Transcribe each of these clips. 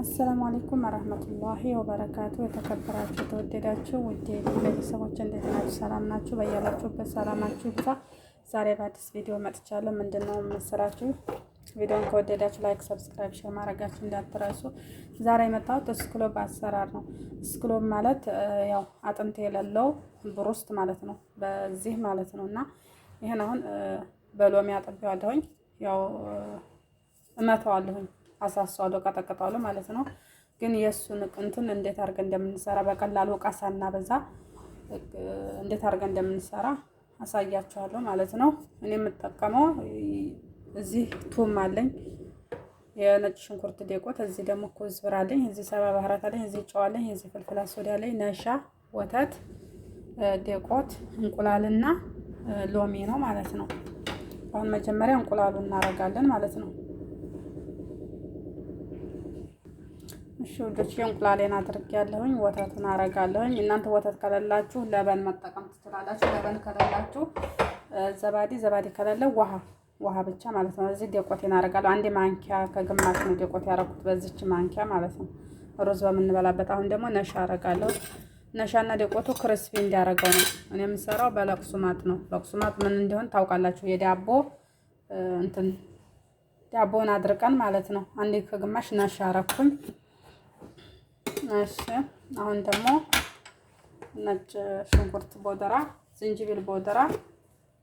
አሰላሙ አለይኩም ወረህመቱላሂ ወበረካቱ። የተከበራችሁ የተወደዳችሁ ውድ ቤተሰቦች እንዴት ናችሁ? ሰላም ናችሁ? በያላችሁበት ሰላማችሁ ብዛ። ዛሬ በአዲስ ቪዲዮ መጥቻለሁ። ምንድን ነው መሰላችሁ? ቪዲዮን ከወደዳችሁ ላይክ፣ ሰብስክራይብ፣ ሼር ማድረጋችሁ እንዳትረሱ። ዛሬ የመጣሁት እስክሎብ አሰራር ነው። እስክሎብ ማለት ያው አጥንት የሌለው ብሩስት ማለት ነው፣ በዚህ ማለት ነው እና ይህን አሁን በሎሚ አጥቤዋለሁኝ፣ ያው እመተዋለሁኝ አሳሷለሁ፣ ቀጠቅጠዋለሁ ማለት ነው። ግን የእሱን እንትን እንዴት አድርገን እንደምንሰራ በቀላሉ እቃ በዛ እንዴት አድርገን እንደምንሰራ አሳያችኋለሁ ማለት ነው። እኔ የምጠቀመው እዚህ ቱም አለኝ የነጭ ሽንኩርት ዴቆት፣ እዚህ ደግሞ ኮዝብራ አለኝ፣ እዚህ ሰባ ባህራት አለኝ፣ እዚህ ጨው አለኝ፣ እዚህ ፍልፍል አሶዳ አለኝ፣ ነሻ ወተት፣ ዴቆት፣ እንቁላልና ሎሚ ነው ማለት ነው። አሁን መጀመሪያ እንቁላሉ እናረጋለን ማለት ነው። እሺ ውዶች እንቁላሌን አድርጌያለሁኝ። ወተቱን አረጋለሁኝ። እናንተ ወተት ከሌላችሁ ለበን መጠቀም ትችላላችሁ። ለበን ከሌላችሁ ዘባዲ፣ ዘባዲ ከሌለ ውሃ፣ ውሃ ብቻ ማለት ነው። እዚህ ዴቆቴን አረጋለሁ። አንድ ማንኪያ ከግማሽ ነው ዴቆቴ ያረኩት፣ በዚች ማንኪያ ማለት ነው። ሩዝ በምንበላበት አሁን ደግሞ ነሻ አረጋለሁ። ነሻና ዴቆቱ ክርስፒ እንዲያረገው ነው እኔ የምሰራው። በለቅሱማት ነው። ለቅሱማት ምን እንዲሆን ታውቃላችሁ? የዳቦ እንትን ዳቦን አድርቀን ማለት ነው። አንድ ከግማሽ ነሻ አረኩኝ። እሺ አሁን ደግሞ ነጭ ሽንኩርት ቦደራ፣ ዝንጅብል ቦደራ፣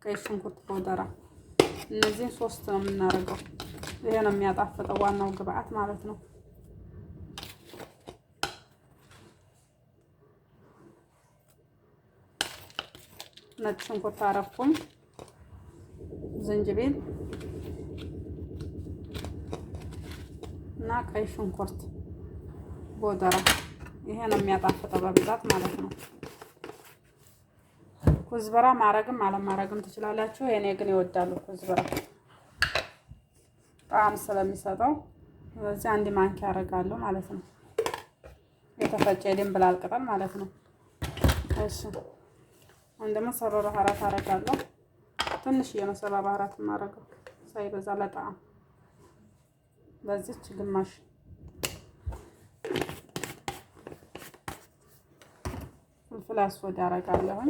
ቀይ ሽንኩርት ቦደራ እነዚህን ሶስት ነው የምናደርገው። ይሄ ነው የሚያጣፍጠው ዋናው ግብአት ማለት ነው። ነጭ ሽንኩርት አረኩኝ፣ ዝንጅብል እና ቀይ ሽንኩርት ጎደራ ይሄ ነው የሚያጣፍጠው በብዛት ማለት ነው። ኩዝበራ ማረግም አለማረግም ትችላላችሁ። እኔ ግን ይወዳሉ ኩዝበራ ጣዕም ስለሚሰጠው ስለዚህ አንድ ማንኪያ አደርጋለሁ ማለት ነው። የተፈጨ የድንብላል ቅጠል ማለት ነው። እሺ አሁን ደግሞ ሰበራ ባህራት አደርጋለሁ። ትንሽ የመሰባ ባህራት ማረገው ሳይበዛ ለጣዕም በዚች ግማሽ ፍላስ ወድ አደርጋለሁኝ።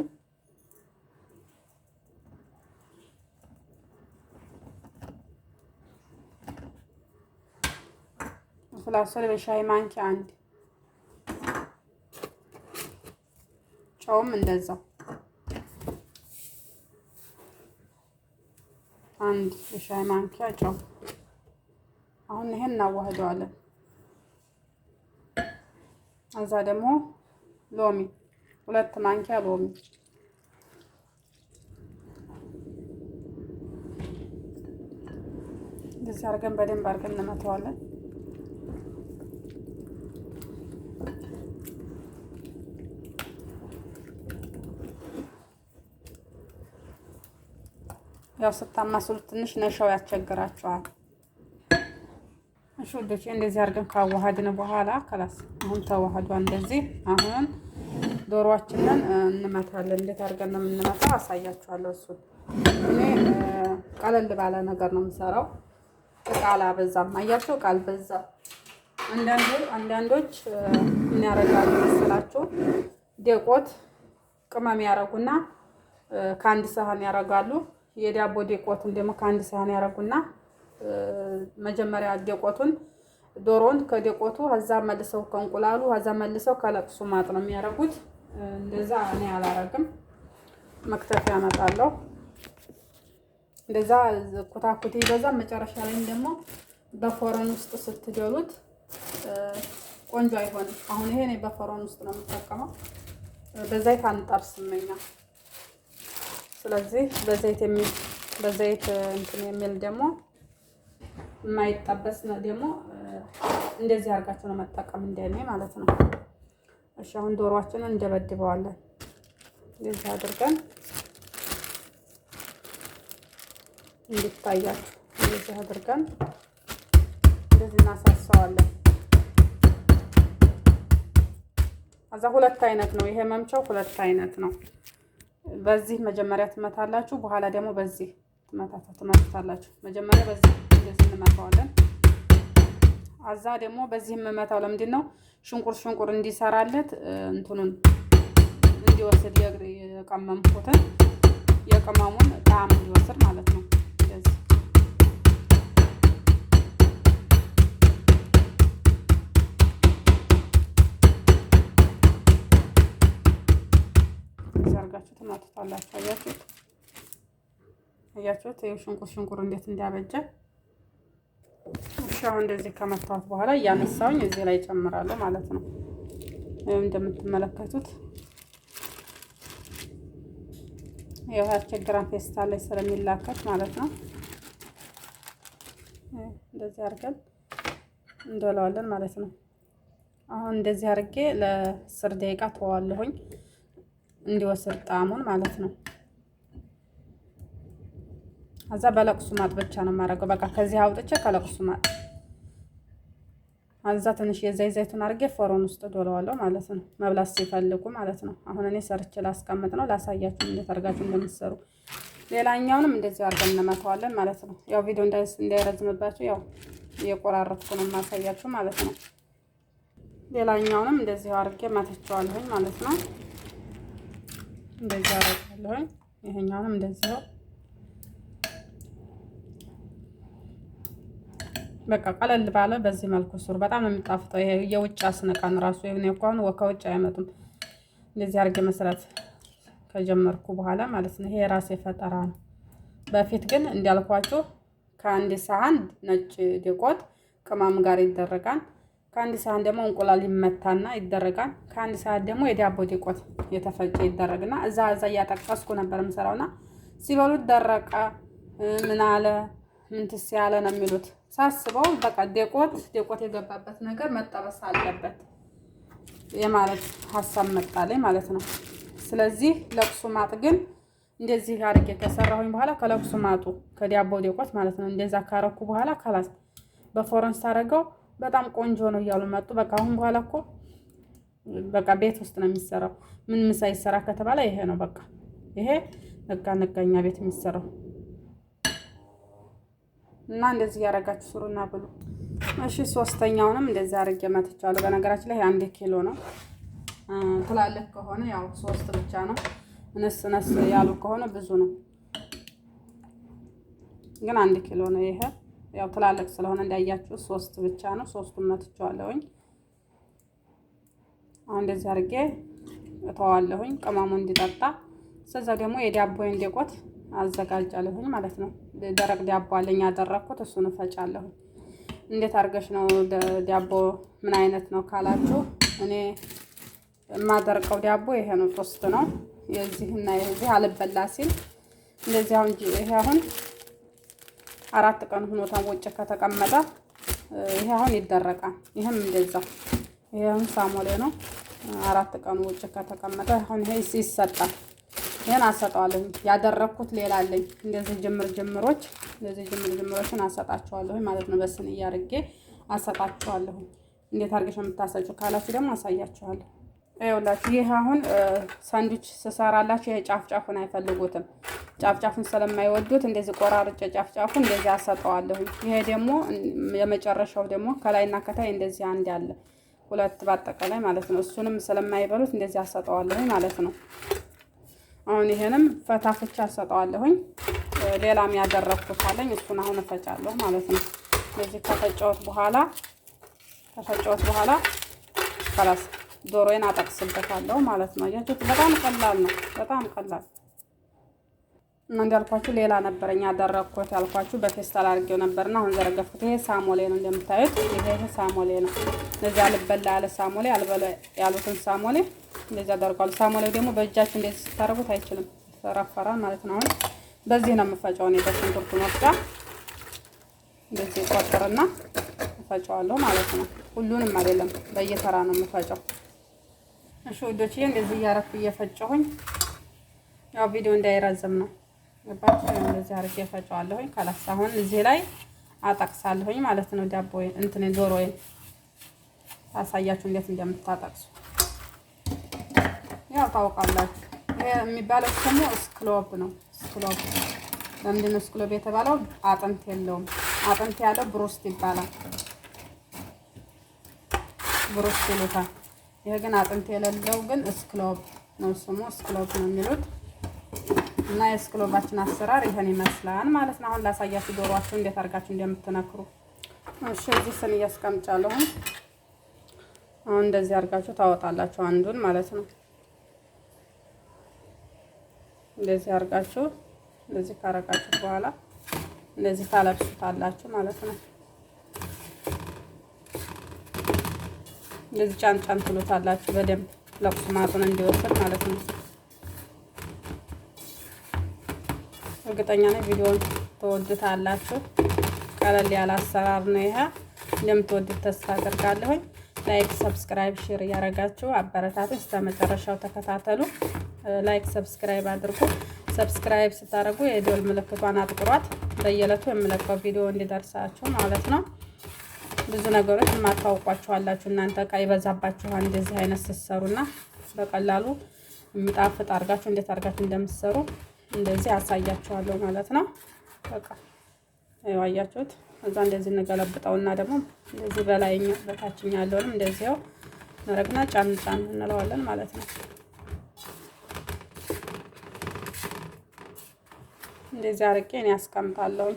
ፍላስ በሻይ ማንኪያ አንድ፣ ጨውም እንደዛው አንድ የሻይ ማንኪያ ጨው። አሁን ይሄን እናዋህደዋለን። እዛ ደግሞ ሎሚ ሁለት ማንኪያ ሎሚ እንደዚህ አድርገን በደንብ አድርገን እንመተዋለን። ያው ስታማስሉ ትንሽ ነሻው ያስቸግራችኋል። እሺ ወዶቼ እንደዚህ አድርገን ካዋሃድን በኋላ ከላስ አሁን ተዋህዷ እንደዚህ አሁን ዶሮዋችንን እንመታለን። እንዴት አድርገን ነው የምንመታው አሳያችኋለሁ። እሱ እኔ ቀለል ባለ ነገር ነው የምሰራው። ቃል አበዛም። አያቸው ቃል በዛ። አንዳንዱ አንዳንዶች ምን ያደርጋሉ መሰላችሁ? ዴቆት ቅመም ያደርጉና ከአንድ ሰሃን ያደርጋሉ። የዳቦ ዴቆቱን ደግሞ ከአንድ ሰሃን ያደርጉና መጀመሪያ ዴቆቱን ዶሮን ከዴቆቱ ከዛ መልሰው ከእንቁላሉ ከዛ መልሰው ከለቅሱ ማጥ ነው የሚያደርጉት። እንደዛ እኔ አላረግም። መክተፍ ያመጣለሁ። እንደዛ ኩታኩቲ በዛ መጨረሻ ላይም ደግሞ በፎረን ውስጥ ስትደሉት ቆንጆ አይሆንም። አሁን ይሄ እኔ በፎረን ውስጥ ነው የምጠቀመው። በዘይት አንጠብስምኛ። ስለዚህ በዘይት የሚል በዘይት እንትን የሚል ደግሞ የማይጠበስ ደግሞ እንደዚህ አድርጋችሁ ነው መጠቀም እንደኔ ማለት ነው። እሺ አሁን ዶሯችንን እንደበድበዋለን። እንደዚህ አድርገን እንድታያችሁ እንደዚህ አድርገን እንደዚህ እናሳሳዋለን። ከዛ ሁለት አይነት ነው ይሄ መምቻው፣ ሁለት አይነት ነው። በዚህ መጀመሪያ ትመታላችሁ፣ በኋላ ደግሞ በዚህ ትመታላችሁ መጀመሪያ በዚህ እንደዚህ እንመታዋለን። አዛ ደግሞ በዚህ የምመታው ለምንድን ነው? ሽንቁር ሽንቁር እንዲሰራለት እንትኑን እንዲወስድ የቀመምኩትን የቅመሙን ጣዕም እንዲወስድ ማለት ነው። እንደዚህ አድርጋችሁ አያችሁት? አያችሁት? ይኸው ሽንቁር ሽንቁር እንዴት እንዲያበጀ አሁን እንደዚህ ከመታሁት በኋላ እያነሳሁኝ እዚህ ላይ ጨምራለሁ ማለት ነው። እንደምትመለከቱት ያው ያስቸግራን ፌስታ ላይ ስለሚላከት ማለት ነው። እንደዚህ አድርገን እንደለዋለን ማለት ነው። አሁን እንደዚህ አድርጌ ለስር ደቂቃ ተዋለሁኝ እንዲወስድ ጣዕሙን ማለት ነው። ከዛ በለቅሱ ማጥ ብቻ ነው የማደርገው። በቃ ከዚህ አውጥቼ ከለቅሱ ማጥ አዛ ትንሽ የዛ ዘይቱን አድርጌ ፎሮን ውስጥ ዶለዋለሁ ማለት ነው። መብላት ሲፈልጉ ማለት ነው። አሁን እኔ ሰርቼ ላስቀምጥ ነው ላሳያችሁ እንዴት አድርጋችሁ እንደምትሰሩ። ሌላኛውንም እንደዚህ አድርገን እንመተዋለን ማለት ነው። ያው ቪዲዮ እንዳይረዝምባችሁ ያው እየቆራረጥኩ ነው የማሳያችሁ ማለት ነው። ሌላኛውንም እንደዚህ አድርጌ መተቸዋለሁኝ ማለት ነው። እንደዚህ አደርጋለሁኝ። ይሄኛውንም እንደዚህ ነው። በቃ ቀለል ባለ በዚህ መልኩ ስሩ። በጣም ነው የሚጣፍጠው። ይሄ የውጭ አስነቃን ራሱ ይሄን እንኳን ከውጭ አይመጡም። እንደዚህ አድርጌ መስራት ከጀመርኩ በኋላ ማለት ነው። ይሄ የራሴ ፈጠራ ነው። በፊት ግን እንዲያልኳችሁ ከአንድ ሳህን ነጭ ዴቆት ቅመም ጋር ይደረጋል። ከአንድ ሳህን ደግሞ እንቁላል ይመታና ይደረጋል። ከአንድ ሳህን ደግሞ የዳቦ ዴቆት የተፈጨ ይደረግና እዛ እዛ እያጠቀስኩ ነበር የምሰራውና ሲበሉት ደረቀ ምን ምናለ ምንትስ ያለ ነው የሚሉት ሳስበው በቃ ደቆት ደቆት የገባበት ነገር መጠበስ አለበት የማለት ሀሳብ ላይ ማለት ነው። ስለዚህ ለቅሱ ማጥ ግን እንደዚህ አድርጌ ከሰራሁኝ በኋላ ከለቅሱ ማጡ ከዲያቦ ደቆት ማለት ነው እንደዛ ካረኩ በኋላ ካላስ በፎረንስ ታደረገው በጣም ቆንጆ ነው እያሉ መጡ። በቃ አሁን በኋላ እኮ በቃ ቤት ውስጥ ነው የሚሰራው። ምን ምሳ ይሰራ ከተባለ ይሄ ነው በቃ ይሄ በቃ ነጋኛ ቤት የሚሰራው እና እንደዚህ እያደረጋችሁ ስሩና ብሉ። እሺ ሶስተኛውንም እንደዚህ አድርጌ መትቻለሁ። በነገራችን ላይ አንድ ኪሎ ነው። ትላልቅ ከሆነ ያው ሶስት ብቻ ነው። ነስ ነስ ያሉ ከሆነ ብዙ ነው፣ ግን አንድ ኪሎ ነው። ይሄ ያው ትላልቅ ስለሆነ እንዳያችሁ ሶስት ብቻ ነው። ሶስቱን መትቻለሁኝ። እንደዚህ አድርጌ እተዋለሁኝ ቅመሙ እንዲጠጣ። ስለዛ ደግሞ የዳቦ እንዲቆት አዘጋጃለሁኝ ማለት ነው። ደረቅ ዳቦ አለኝ ያደረግኩት እሱን እፈጫለሁ። እንዴት አድርገሽ ነው ዳቦ ምን አይነት ነው ካላችሁ፣ እኔ የማደርቀው ዳቦ ይሄ ነው። ጦስት ነው የዚህና የዚህ አልበላ ሲል እንደዚህ አሁን ይሄ አሁን አራት ቀን ሆኖ ውጭ ከተቀመጠ ይሄ አሁን ይደረቃል። ይህም እንደዛ ይሄ አሁን ሳሞሌ ነው። አራት ቀን ውጭ ከተቀመጠ አሁን ይሄ ይሰጣል። ይህን አሰጠዋለሁ። ያደረግኩት ሌላ አለኝ። እንደዚህ ጅምር ጅምሮች እንደዚህ ጅምር ጅምሮችን አሰጣቸዋለሁ ማለት ነው። በስን እያርጌ አሰጣቸዋለሁ። እንዴት አድርገሽ የምታሰጪው ካላችሁ ደግሞ አሳያችኋለሁ። ይኸውላችሁ ይህ አሁን ሳንድዊች ስሰራላችሁ ይሄ ጫፍጫፉን አይፈልጉትም። ጫፍጫፉን ስለማይወዱት እንደዚህ ቆራርጬ ጫፍጫፉን እንደዚህ አሰጠዋለሁ። ይሄ ደግሞ የመጨረሻው ደግሞ ከላይና ከታይ እንደዚህ አንድ ያለ ሁለት በአጠቃላይ ማለት ነው። እሱንም ስለማይበሉት እንደዚህ አሰጠዋለሁ ማለት ነው። አሁን ይሄንም ፈታፍቻ ሰጠዋለሁኝ። ሌላም ያደረግኩት አለኝ እሱን አሁን እፈጫለሁ ማለት ነው። እነዚህ ከፈጨሁት በኋላ ከፈጨሁት በኋላ ከላስ ዶሮዬን አጠቅስበታለሁ ማለት ነው። ያችሁት በጣም ቀላል ነው፣ በጣም ቀላል እና እንዳልኳችሁ ሌላ ነበረኝ ያደረግኩት ያልኳችሁ በፌስታል አድርጌው ነበርና አሁን ዘረገፍኩት። ይሄ ሳሞሌ ነው እንደምታዩት፣ ይሄ ሳሞሌ ነው። እነዚህ አልበላ ያለ ሳሞሌ፣ አልበላ ያሉትን ሳሞሌ እንደዚህ አደርገዋለሁ። ሳሙናው ደግሞ በእጃችን እንደዚህ ስታደርጉት አይችልም ይፈራፈራል ማለት ነው። በዚህ ነው የምፈጫው እኔ በሽንኩርቱ መፍጫ እንደዚህ ቆጥርና እፈጫዋለሁ ማለት ነው። ሁሉንም አይደለም በየተራ ነው የምፈጫው። እሺ ውዶች፣ እንደዚህ እያረኩ እየፈጨሁኝ ያው ቪዲዮ እንዳይረዝም ነው ገባችሁ። እንደዚህ አርጌ እፈጨዋለሁኝ። ካላስ አሁን እዚህ ላይ አጠቅሳለሁኝ ማለት ነው። ዳቦዬን እንትን ዶሮዬን አሳያችሁ እንዴት እንደምታጠቅሱ ታውቃላችሁ። ይሄ የሚባለው ደግሞ ስክሎብ ነው። ስክሎብ ለምንድነው ስክሎብ የተባለው? አጥንት የለውም። አጥንት ያለው ብሩስት ይባላል። ብሮስት ይሉታል። ይሄ ግን አጥንት የሌለው ግን ስክሎብ ነው ስሙ። ስክሎብ ነው የሚሉት እና የስክሎባችን አሰራር ይሄን ይመስላል ማለት ነው። አሁን ላሳያችሁ ዶሯችሁ እንዴት አድርጋችሁ እንደምትነክሩ። እሺ እዚህ ስን እያስቀምጫለሁ። አሁን እንደዚህ አድርጋችሁ ታወጣላችሁ አንዱን ማለት ነው። እንደዚህ አርጋችሁ እንደዚህ ካረጋችሁ በኋላ እንደዚህ ታለብሱታላችሁ ማለት ነው። እንደዚህ ጫን ጫን ትሎታላችሁ በደንብ ለቁስማቱን እንዲወስድ ማለት ነው። እርግጠኛ ነኝ ቪዲዮውን ትወዱታላችሁ። ቀለል ያለ አሰራር ነው ይሄ። እንደምትወዱት ተስፋ አደርጋለሁኝ። ላይክ፣ ሰብስክራይብ፣ ሼር እያደረጋችሁ አበረታቱ። እስከ መጨረሻው ተከታተሉ። ላይክ፣ ሰብስክራይብ አድርጉ። ሰብስክራይብ ስታደርጉ የደወል ምልክቷን አጥቁሯት። በየዕለቱ የምለቀው ቪዲዮ እንዲደርሳችሁ ማለት ነው። ብዙ ነገሮች የማታውቋቸው እናንተ እቃ ይበዛባችኋል። እንደዚህ አይነት ስትሰሩና በቀላሉ የሚጣፍጥ አድርጋችሁ እንዴት አርጋችሁ እንደምትሰሩ እንደዚህ አሳያችኋለሁ ማለት ነው። በቃ አያችሁት። እዛ እንደዚህ እንገለብጠውና ደግሞ እንደዚህ በላይኛው በታችኛ ያለውንም እንደዚያው መረግና ጫን ጫን እንለዋለን ማለት ነው። እንደዚህ አርቄ እኔ አስቀምጣለሁ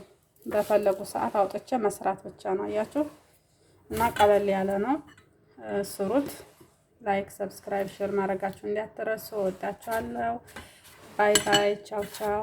በፈለጉ ሰዓት አውጥቼ መስራት ብቻ ነው። አያችሁ እና ቀለል ያለ ነው። ስሩት። ላይክ፣ ሰብስክራይብ፣ ሼር ማድረጋችሁ እንዳትረሱ። ወዳችኋለሁ። ባይ ባይ። ቻው ቻው።